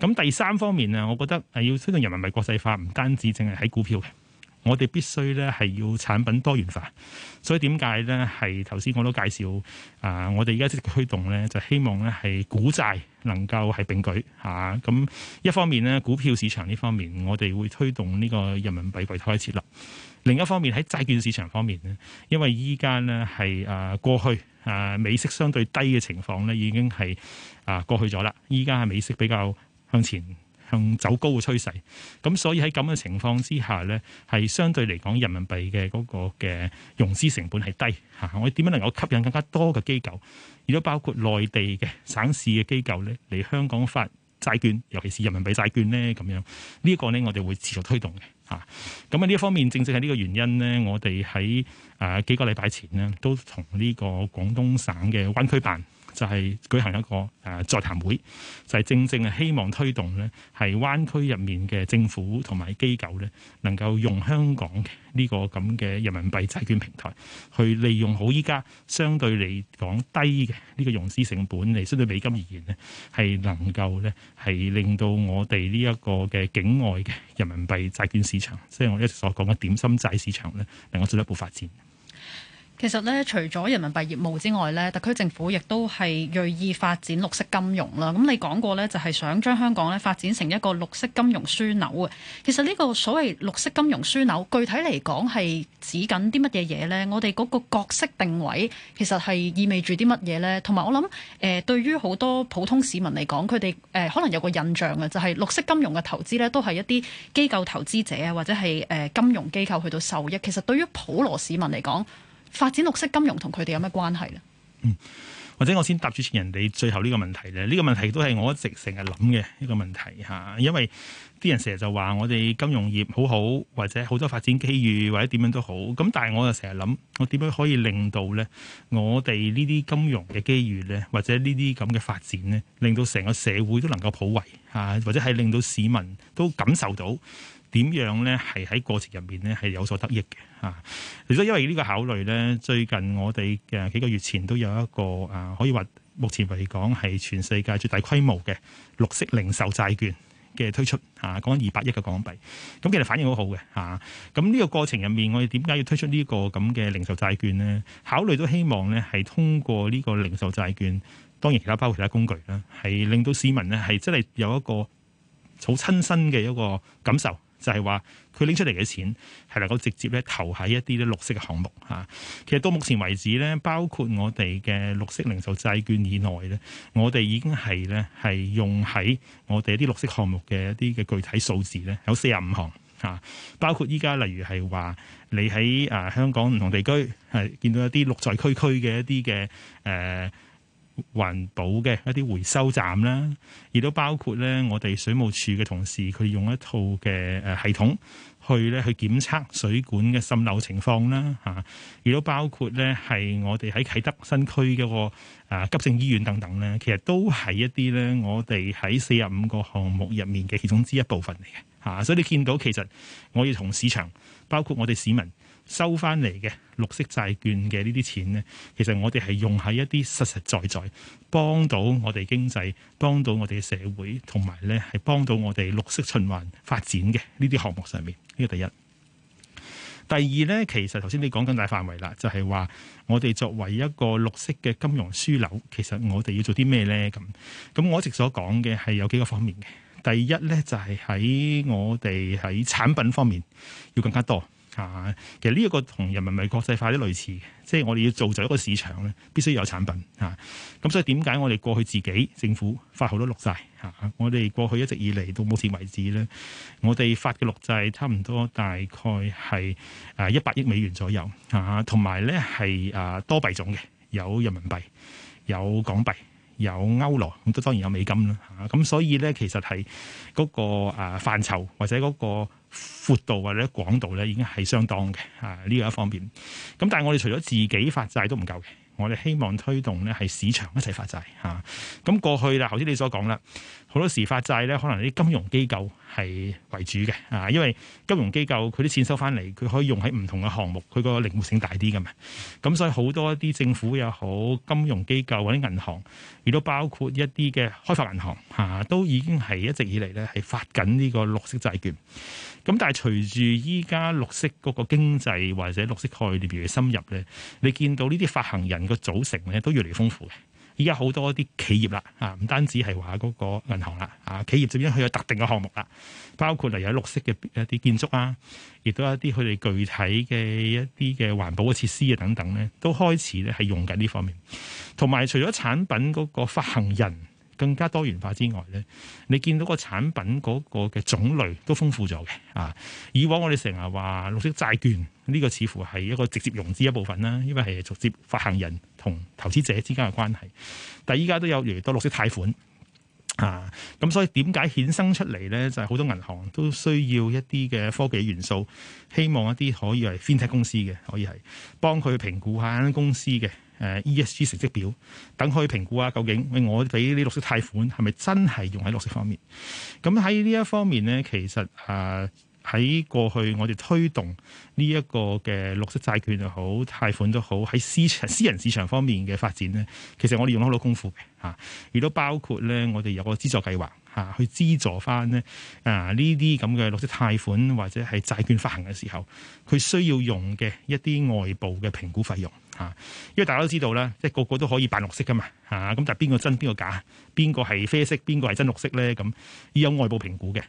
咁第三方面咧，我覺得係要推動人民幣國際化，唔單止淨係喺股票嘅。我哋必須咧係要產品多元化，所以點解咧係頭先我都介紹啊、呃，我哋而家積極推動咧，就希望咧係股債能夠係並舉嚇。咁、啊、一方面咧，股票市場呢方面，我哋會推動呢個人民幣櫃台設立；另一方面喺債券市場方面咧，因為依家咧係啊過去啊美息相對低嘅情況咧已經係啊過去咗啦，依家係美息比較向前。向走高嘅趨勢，咁所以喺咁嘅情況之下呢係相對嚟講，人民幣嘅嗰個嘅融資成本係低嚇、啊。我點樣能夠吸引更加多嘅機構，亦都包括內地嘅省市嘅機構呢嚟香港發債券，尤其是人民幣債券呢？咁樣，這個、呢一個呢我哋會持續推動嘅嚇。咁啊呢一方面，正正係呢個原因呢，我哋喺誒幾個禮拜前呢，都同呢個廣東省嘅灣區辦。就係舉行一個誒座、呃、談會，就係、是、正正係希望推動呢，係灣區入面嘅政府同埋機構呢，能夠用香港嘅呢個咁嘅人民幣債券平台，去利用好依家相對嚟講低嘅呢個融資成本嚟，相對美金而言呢，係能夠呢，係令到我哋呢一個嘅境外嘅人民幣債券市場，即、就、係、是、我一直所講嘅點心債市場呢，能夠進一步發展。其實咧，除咗人民幣業務之外咧，特區政府亦都係鋭意發展綠色金融啦。咁、嗯、你講過咧，就係、是、想將香港咧發展成一個綠色金融樞紐啊。其實呢個所謂綠色金融樞紐，具體嚟講係指緊啲乜嘢嘢呢？我哋嗰個角色定位其實係意味住啲乜嘢呢？同埋我諗誒、呃，對於好多普通市民嚟講，佢哋誒可能有個印象嘅就係、是、綠色金融嘅投資咧，都係一啲機構投資者啊，或者係誒、呃、金融機構去到受益。其實對於普羅市民嚟講，發展綠色金融同佢哋有咩關係咧？嗯，或者我先答住前人哋最後呢個問題咧。呢個問題都係我一直成日諗嘅一個問題嚇，因為啲人成日就話我哋金融業好好，或者好多發展機遇，或者點樣都好。咁但係我又成日諗，我點樣可以令到呢我哋呢啲金融嘅機遇呢？或者呢啲咁嘅發展呢？令到成個社會都能夠普惠嚇，或者係令到市民都感受到。點樣咧？係喺過程入面咧，係有所得益嘅嚇。其實因為呢個考慮咧，最近我哋嘅幾個月前都有一個啊，可以話目前嚟講係全世界最大規模嘅綠色零售債券嘅推出嚇，講緊二百億嘅港幣。咁其實反應好好嘅嚇。咁呢個過程入面，我哋點解要推出呢個咁嘅零售債券咧？考慮都希望咧係通過呢個零售債券，當然其他包括其他工具啦，係令到市民咧係真係有一個好親身嘅一個感受。就係話佢拎出嚟嘅錢係能夠直接咧投喺一啲咧綠色嘅項目嚇、啊。其實到目前為止咧，包括我哋嘅綠色零售債券以內咧，我哋已經係咧係用喺我哋一啲綠色項目嘅一啲嘅具體數字咧，有四十五項嚇、啊。包括依家例如係話你喺啊、呃、香港唔同地區係見到一啲綠在區區嘅一啲嘅誒。呃環保嘅一啲回收站啦，亦都包括咧，我哋水務署嘅同事佢用一套嘅誒系統去咧去檢測水管嘅滲漏情況啦嚇，亦都包括咧係我哋喺啟德新區嗰個急症醫院等等咧，其實都係一啲咧我哋喺四十五個項目入面嘅其中之一部分嚟嘅嚇，所以你見到其實我要同市場包括我哋市民。收翻嚟嘅綠色債券嘅呢啲錢呢，其實我哋係用喺一啲實實在在幫到我哋經濟、幫到我哋社會，同埋呢係幫到我哋綠色循環發展嘅呢啲項目上面。呢個第一。第二呢，其實頭先你講緊大範圍啦，就係話我哋作為一個綠色嘅金融樞紐，其實我哋要做啲咩呢？咁咁我一直所講嘅係有幾個方面嘅。第一呢，就係喺我哋喺產品方面要更加多。啊，其實呢一個同人民幣國際化啲類似嘅，即係我哋要造就一個市場咧，必須要有產品啊。咁所以點解我哋過去自己政府發好多綠債啊？我哋過去一直以嚟到目前為止咧，我哋發嘅綠債差唔多大概係啊一百億美元左右啊，同埋咧係啊多幣種嘅，有人民幣，有港幣，有歐羅咁都當然有美金啦，咁、啊、所以咧其實係嗰、那個誒、啊、範疇或者嗰個闊度或者廣度咧，已經係相當嘅啊呢個一方面。咁、啊、但係我哋除咗自己發債都唔夠嘅。我哋希望推動呢係市場一齊發債吓，咁、啊、過去啦，頭先你所講啦，好多時發債呢可能啲金融機構係為主嘅啊，因為金融機構佢啲錢收翻嚟，佢可以用喺唔同嘅項目，佢個靈活性大啲㗎嘛，咁、啊、所以好多一啲政府又好，金融機構或者銀行，亦都包括一啲嘅開發銀行吓、啊，都已經係一直以嚟呢係發緊呢個綠色債券。咁但係隨住依家綠色嗰個經濟或者綠色概念越嚟深入咧，你見到呢啲發行人個組成咧都越嚟越豐富嘅。依家好多啲企業啦，啊唔單止係話嗰個銀行啦，啊企業就已至經去有特定嘅項目啦，包括嚟有綠色嘅一啲建築啊，亦都有一啲佢哋具體嘅一啲嘅環保嘅設施啊等等咧，都開始咧係用緊呢方面。同埋除咗產品嗰個發行人更加多元化之外咧，你見到個產品嗰個嘅種類都豐富咗嘅啊！以往我哋成日話綠色債券呢個似乎係一個直接融資一部分啦，因為係直接發行人同投資者之間嘅關係。但係依家都有越嚟越多綠色貸款啊！咁所以點解衍生出嚟咧？就係好多銀行都需要一啲嘅科技元素，希望一啲可以係 fintech 公司嘅，可以係幫佢評估下間公司嘅。誒 ESG 成績表等可以評估下，究竟我俾呢啲綠色貸款係咪真係用喺綠色方面？咁喺呢一方面咧，其實誒喺、啊、過去我哋推動呢一個嘅綠色債券又好，貸款都好喺私私人市場方面嘅發展咧，其實我哋用咗好多功夫嚇，亦、啊、都包括咧，我哋有個資助計劃嚇、啊，去資助翻咧啊呢啲咁嘅綠色貸款或者係債券發行嘅時候，佢需要用嘅一啲外部嘅評估費用。啊！因為大家都知道啦，即係個個都可以辦綠色噶嘛，嚇咁但係邊個真邊個假？邊個係啡色？邊個係真綠色咧？咁要有外部評估嘅。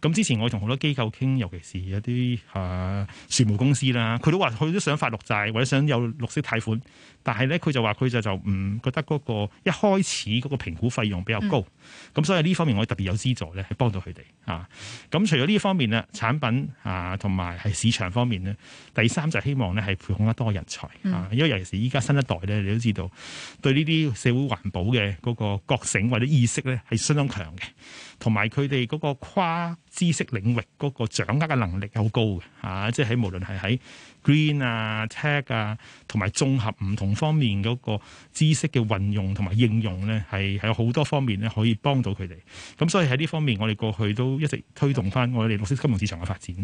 咁之前我同好多機構傾，尤其是一啲誒、啊、船務公司啦，佢都話佢都想發綠債或者想有綠色貸款，但係咧佢就話佢就就唔覺得嗰、嗰個一開始嗰個評估費用比較高。嗯咁、嗯、所以呢方面我特別有資助咧，係幫到佢哋啊。咁除咗呢方面啊，產品啊同埋係市場方面咧，第三就希望咧係培養得多人才啊。因為尤其是依家新一代咧，你都知道對呢啲社會環保嘅嗰個覺醒或者意識咧係相當強嘅，同埋佢哋嗰個跨知識領域嗰個掌握嘅能力好高嘅吓、啊，即係無論係喺 green 啊 tech 啊，同埋綜合唔同方面嗰個知識嘅運用同埋應用咧，係係有好多方面咧可以。幫到佢哋，咁所以喺呢方面，我哋過去都一直推動返我哋綠色金融市場嘅發展。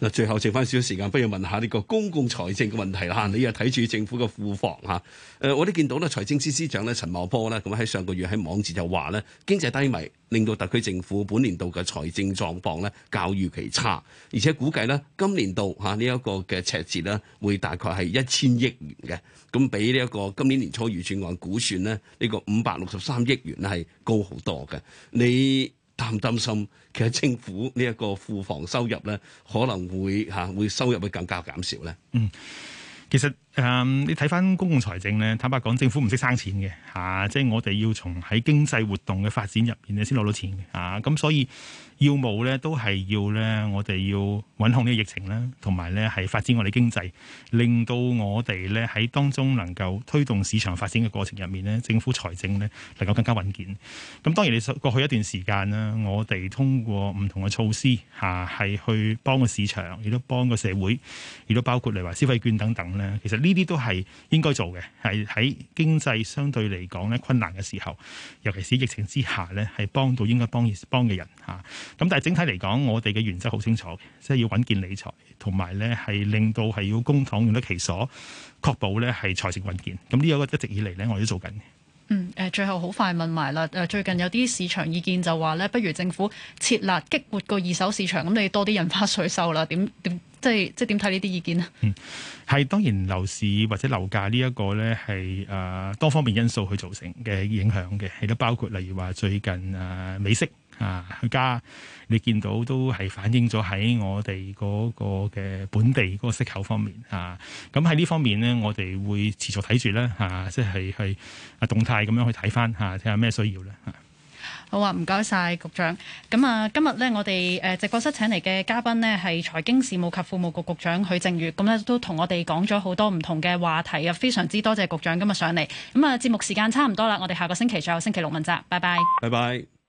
嗱，最後剩翻少少時間，不如問，問下呢個公共財政嘅問題啦。你又睇住政府嘅庫房嚇？誒、呃，我哋見到咧，財政司司長咧陳茂波咧，咁喺上個月喺網誌就話咧，經濟低迷令到特區政府本年度嘅財政狀況咧較預期差，而且估計咧今年度嚇呢一個嘅赤字咧會大概係一千億元嘅，咁比呢一個今年年初預算案估算咧呢、呢個五百六十三億元咧係高好多嘅。你？擔唔擔心，其實政府呢一個庫房收入咧，可能會嚇會收入會更加減少咧。嗯，其實誒、呃，你睇翻公共財政咧，坦白講，政府唔識生錢嘅嚇，即、啊、係、就是、我哋要從喺經濟活動嘅發展入面咧，先攞到錢嘅嚇，咁所以。要冇咧，都係要咧。我哋要穩控呢個疫情咧，同埋咧係發展我哋經濟，令到我哋咧喺當中能夠推動市場發展嘅過程入面咧，政府財政咧能夠更加穩健。咁當然你過去一段時間啦，我哋通過唔同嘅措施吓，係、啊、去幫個市場，亦都幫個社會，亦都包括你話消費券等等咧。其實呢啲都係應該做嘅，係喺經濟相對嚟講咧困難嘅時候，尤其是疫情之下咧，係幫到應該幫幫嘅人吓。啊咁但係整體嚟講，我哋嘅原則好清楚，即係要穩健理財，同埋咧係令到係要公帑用得其所，確保咧係財政穩健。咁呢一個一直以嚟咧，我都做緊嘅。嗯，誒、呃，最後好快問埋啦。誒、呃，最近有啲市場意見就話咧，不如政府撤辣激活個二手市場，咁你多啲印花稅收啦。點點即係即係點睇呢啲意見啊？係、嗯、當然樓市或者樓價呢一個咧係誒多方面因素去造成嘅影響嘅，亦都包括例如話最近誒、呃、美息。啊，佢加你見到都係反映咗喺我哋嗰個嘅本地嗰個息口方面啊，咁喺呢方面呢，我哋會持續睇住啦，嚇、啊，即係去啊動態咁樣去睇翻嚇，睇下咩需要咧嚇。啊好啊，唔該晒，局長。咁啊，今日呢，我哋誒直播室請嚟嘅嘉賓呢，係財經事務及庫務局，局局長許正宇。咁咧都同我哋講咗好多唔同嘅話題啊，非常之多，謝局長今日上嚟。咁啊，節目時間差唔多啦，我哋下個星期再有星期六問責，拜拜，拜拜。